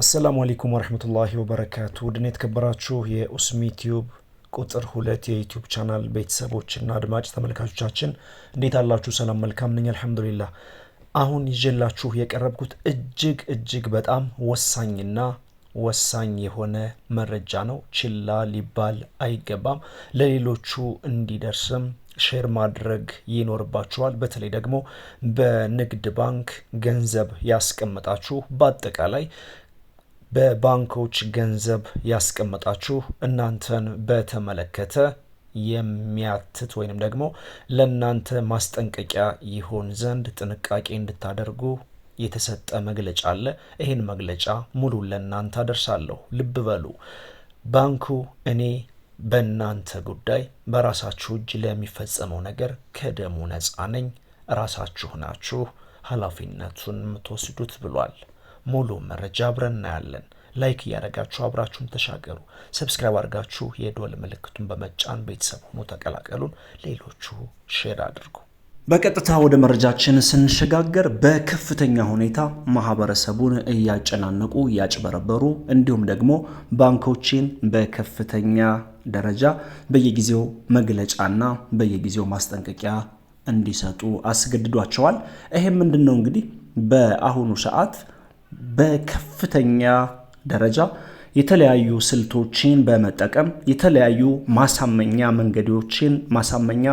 አሰላሙ አሌይኩም ወረህመቱላሂ ወበረካቱ ውድን የተከበራችሁ የኡስሚ ቲዩብ ቁጥር ሁለት የዩቲዩብ ቻናል ቤተሰቦችና አድማጭ ተመልካቾቻችን እንዴት አላችሁ? ሰላም መልካም ነኝ አልሐምዱሊላህ። አሁን ይዤላችሁ የቀረብኩት እጅግ እጅግ በጣም ወሳኝና ወሳኝ የሆነ መረጃ ነው። ችላ ሊባል አይገባም። ለሌሎቹ እንዲደርስም ሼር ማድረግ ይኖርባችኋል። በተለይ ደግሞ በንግድ ባንክ ገንዘብ ያስቀመጣችሁ በአጠቃላይ በባንኮች ገንዘብ ያስቀመጣችሁ እናንተን በተመለከተ የሚያትት ወይንም ደግሞ ለእናንተ ማስጠንቀቂያ ይሆን ዘንድ ጥንቃቄ እንድታደርጉ የተሰጠ መግለጫ አለ። ይህን መግለጫ ሙሉ ለእናንተ አደርሳለሁ። ልብ በሉ ባንኩ እኔ በእናንተ ጉዳይ በራሳችሁ እጅ ለሚፈጸመው ነገር ከደሙ ነፃ ነኝ፣ ራሳችሁ ናችሁ ኃላፊነቱን የምትወስዱት ብሏል። ሙሉ መረጃ አብረን እናያለን። ላይክ እያደረጋችሁ አብራችሁን ተሻገሩ። ሰብስክራይብ አድርጋችሁ የዶል ምልክቱን በመጫን ቤተሰብ ሆኖ ተቀላቀሉን። ሌሎቹ ሼር አድርጉ። በቀጥታ ወደ መረጃችን ስንሸጋገር በከፍተኛ ሁኔታ ማህበረሰቡን እያጨናነቁ እያጭበረበሩ እንዲሁም ደግሞ ባንኮችን በከፍተኛ ደረጃ በየጊዜው መግለጫና በየጊዜው ማስጠንቀቂያ እንዲሰጡ አስገድዷቸዋል። ይሄ ምንድን ነው እንግዲህ በአሁኑ ሰዓት በከፍተኛ ደረጃ የተለያዩ ስልቶችን በመጠቀም የተለያዩ ማሳመኛ መንገዶችን ማሳመኛ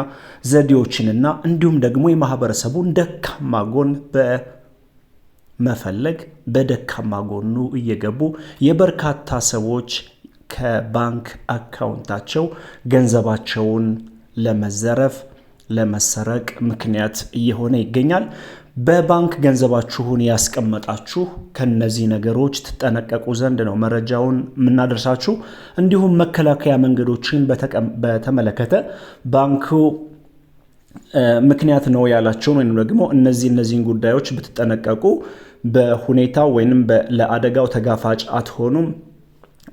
ዘዴዎችንና እንዲሁም ደግሞ የማህበረሰቡን ደካማ ጎን በመፈለግ በደካማ ጎኑ እየገቡ የበርካታ ሰዎች ከባንክ አካውንታቸው ገንዘባቸውን ለመዘረፍ ለመሰረቅ ምክንያት እየሆነ ይገኛል። በባንክ ገንዘባችሁን ያስቀመጣችሁ ከነዚህ ነገሮች ትጠነቀቁ ዘንድ ነው መረጃውን የምናደርሳችሁ። እንዲሁም መከላከያ መንገዶችን በተመለከተ ባንኩ ምክንያት ነው ያላቸውን ወይም ደግሞ እነዚህ እነዚህን ጉዳዮች ብትጠነቀቁ በሁኔታው ወይም ለአደጋው ተጋፋጭ አትሆኑም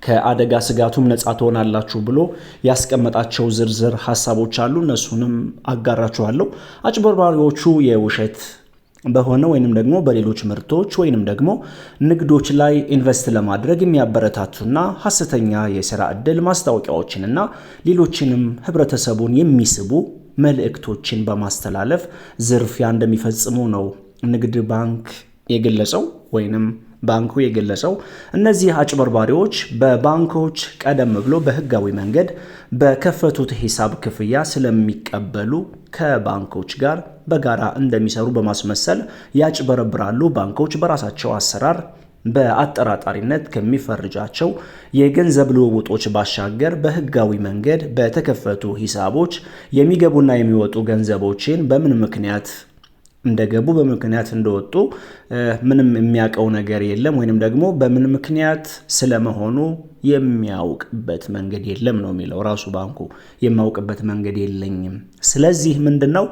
ከአደጋ ስጋቱም ነጻ ትሆናላችሁ ብሎ ያስቀመጣቸው ዝርዝር ሀሳቦች አሉ። እነሱንም አጋራችኋለሁ። አጭበርባሪዎቹ የውሸት በሆነ ወይንም ደግሞ በሌሎች ምርቶች ወይንም ደግሞ ንግዶች ላይ ኢንቨስት ለማድረግ የሚያበረታቱና ሀሰተኛ የስራ ዕድል ማስታወቂያዎችንና ሌሎችንም ህብረተሰቡን የሚስቡ መልእክቶችን በማስተላለፍ ዝርፊያ እንደሚፈጽሙ ነው ንግድ ባንክ የገለጸው ወይንም ባንኩ የገለጸው እነዚህ አጭበርባሪዎች በባንኮች ቀደም ብሎ በህጋዊ መንገድ በከፈቱት ሂሳብ ክፍያ ስለሚቀበሉ ከባንኮች ጋር በጋራ እንደሚሰሩ በማስመሰል ያጭበረብራሉ። ባንኮች በራሳቸው አሰራር በአጠራጣሪነት ከሚፈርጃቸው የገንዘብ ልውውጦች ባሻገር በህጋዊ መንገድ በተከፈቱ ሂሳቦች የሚገቡና የሚወጡ ገንዘቦችን በምን ምክንያት እንደገቡ በምክንያት እንደወጡ ምንም የሚያውቀው ነገር የለም፣ ወይንም ደግሞ በምን ምክንያት ስለመሆኑ የሚያውቅበት መንገድ የለም ነው የሚለው ራሱ ባንኩ። የማውቅበት መንገድ የለኝም። ስለዚህ ምንድን ነው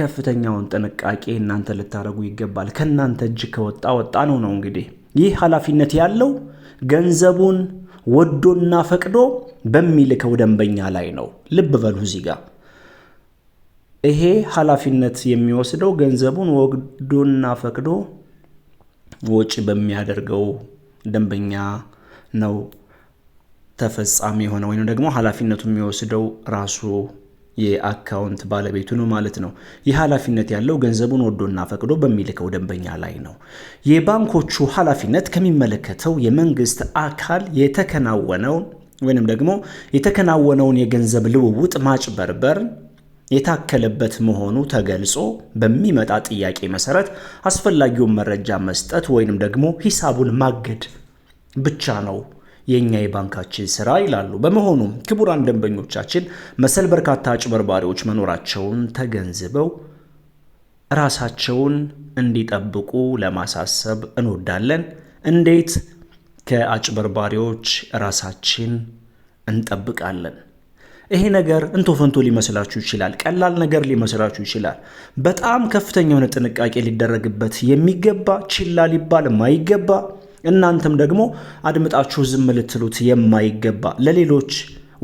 ከፍተኛውን ጥንቃቄ እናንተ ልታደርጉ ይገባል። ከእናንተ እጅ ከወጣ ወጣ ነው ነው እንግዲህ ይህ ኃላፊነት ያለው ገንዘቡን ወዶና ፈቅዶ በሚልከው ደንበኛ ላይ ነው። ልብ በሉ እዚህ ጋር ይሄ ኃላፊነት የሚወስደው ገንዘቡን ወግዶና ፈቅዶ ወጪ በሚያደርገው ደንበኛ ነው ተፈጻሚ የሆነ ወይም ደግሞ ኃላፊነቱ የሚወስደው ራሱ የአካውንት ባለቤቱ ነው ማለት ነው። ይህ ኃላፊነት ያለው ገንዘቡን ወዶና ፈቅዶ በሚልከው ደንበኛ ላይ ነው። የባንኮቹ ኃላፊነት ከሚመለከተው የመንግስት አካል የተከናወነው ወይንም ደግሞ የተከናወነውን የገንዘብ ልውውጥ ማጭበርበር የታከለበት መሆኑ ተገልጾ በሚመጣ ጥያቄ መሰረት አስፈላጊውን መረጃ መስጠት ወይንም ደግሞ ሂሳቡን ማገድ ብቻ ነው የእኛ የባንካችን ስራ ይላሉ። በመሆኑም ክቡራን ደንበኞቻችን መሰል በርካታ አጭበርባሪዎች መኖራቸውን ተገንዝበው ራሳቸውን እንዲጠብቁ ለማሳሰብ እንወዳለን። እንዴት ከአጭበርባሪዎች ራሳችን እንጠብቃለን? ይሄ ነገር እንቶ ፈንቶ ሊመስላችሁ ይችላል። ቀላል ነገር ሊመስላችሁ ይችላል። በጣም ከፍተኛ የሆነ ጥንቃቄ ሊደረግበት የሚገባ ችላ ሊባል የማይገባ እናንተም ደግሞ አድምጣችሁ ዝም ልትሉት የማይገባ ለሌሎች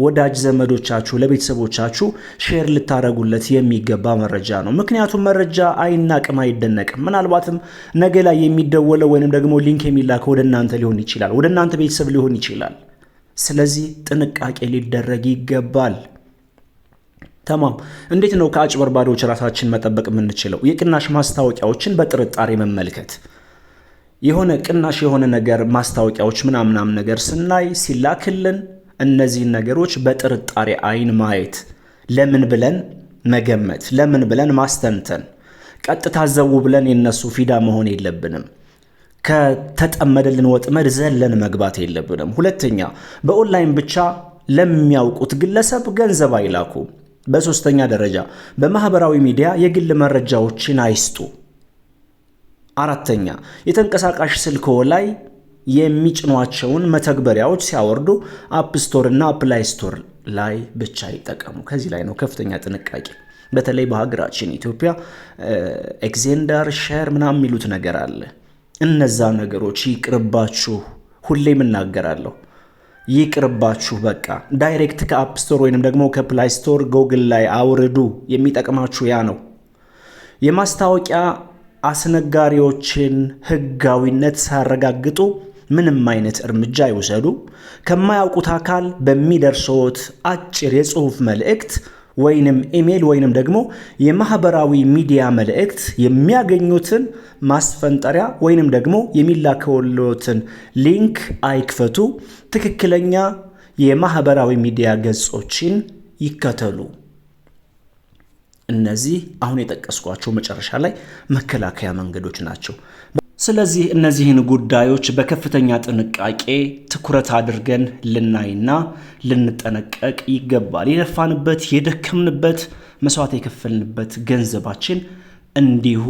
ወዳጅ ዘመዶቻችሁ ለቤተሰቦቻችሁ ሼር ልታደረጉለት የሚገባ መረጃ ነው። ምክንያቱም መረጃ አይናቅም፣ አይደነቅም። ምናልባትም ነገ ላይ የሚደወለው ወይንም ደግሞ ሊንክ የሚላከው ወደ እናንተ ሊሆን ይችላል፣ ወደ እናንተ ቤተሰብ ሊሆን ይችላል። ስለዚህ ጥንቃቄ ሊደረግ ይገባል። ተማም እንዴት ነው ከአጭበርባሪዎች ራሳችን መጠበቅ የምንችለው? የቅናሽ ማስታወቂያዎችን በጥርጣሬ መመልከት። የሆነ ቅናሽ የሆነ ነገር ማስታወቂያዎች ምናምናም ነገር ስናይ ሲላክልን እነዚህን ነገሮች በጥርጣሬ አይን ማየት፣ ለምን ብለን መገመት፣ ለምን ብለን ማስተንተን፣ ቀጥታ ዘው ብለን የነሱ ፊዳ መሆን የለብንም። ከተጠመደልን ወጥመድ ዘለን መግባት የለብንም። ሁለተኛ በኦንላይን ብቻ ለሚያውቁት ግለሰብ ገንዘብ አይላኩ። በሶስተኛ ደረጃ በማህበራዊ ሚዲያ የግል መረጃዎችን አይስጡ። አራተኛ የተንቀሳቃሽ ስልኮ ላይ የሚጭኗቸውን መተግበሪያዎች ሲያወርዱ አፕ ስቶር እና አፕላይ ስቶር ላይ ብቻ ይጠቀሙ። ከዚህ ላይ ነው ከፍተኛ ጥንቃቄ በተለይ በሀገራችን ኢትዮጵያ ኤግዜንደር ሼር ምናምን የሚሉት ነገር አለ እነዛ ነገሮች ይቅርባችሁ። ሁሌም እናገራለሁ ይቅርባችሁ። በቃ ዳይሬክት ከአፕ ስቶር ወይንም ደግሞ ከፕላይ ስቶር ጎግል ላይ አውርዱ። የሚጠቅማችሁ ያ ነው። የማስታወቂያ አስነጋሪዎችን ህጋዊነት ሳያረጋግጡ ምንም አይነት እርምጃ ይውሰዱ ከማያውቁት አካል በሚደርሶት አጭር የጽሁፍ መልእክት ወይንም ኢሜል ወይንም ደግሞ የማህበራዊ ሚዲያ መልእክት የሚያገኙትን ማስፈንጠሪያ ወይንም ደግሞ የሚላከውሎትን ሊንክ አይክፈቱ። ትክክለኛ የማህበራዊ ሚዲያ ገጾችን ይከተሉ። እነዚህ አሁን የጠቀስኳቸው መጨረሻ ላይ መከላከያ መንገዶች ናቸው። ስለዚህ እነዚህን ጉዳዮች በከፍተኛ ጥንቃቄ ትኩረት አድርገን ልናይና ልንጠነቀቅ ይገባል። የለፋንበት፣ የደከምንበት፣ መስዋዕት የከፈልንበት ገንዘባችን እንዲሁ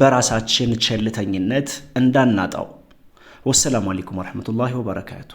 በራሳችን ቸልተኝነት እንዳናጣው። ወሰላሙ አሌይኩም ወረሕመቱላሂ ወበረካቱ።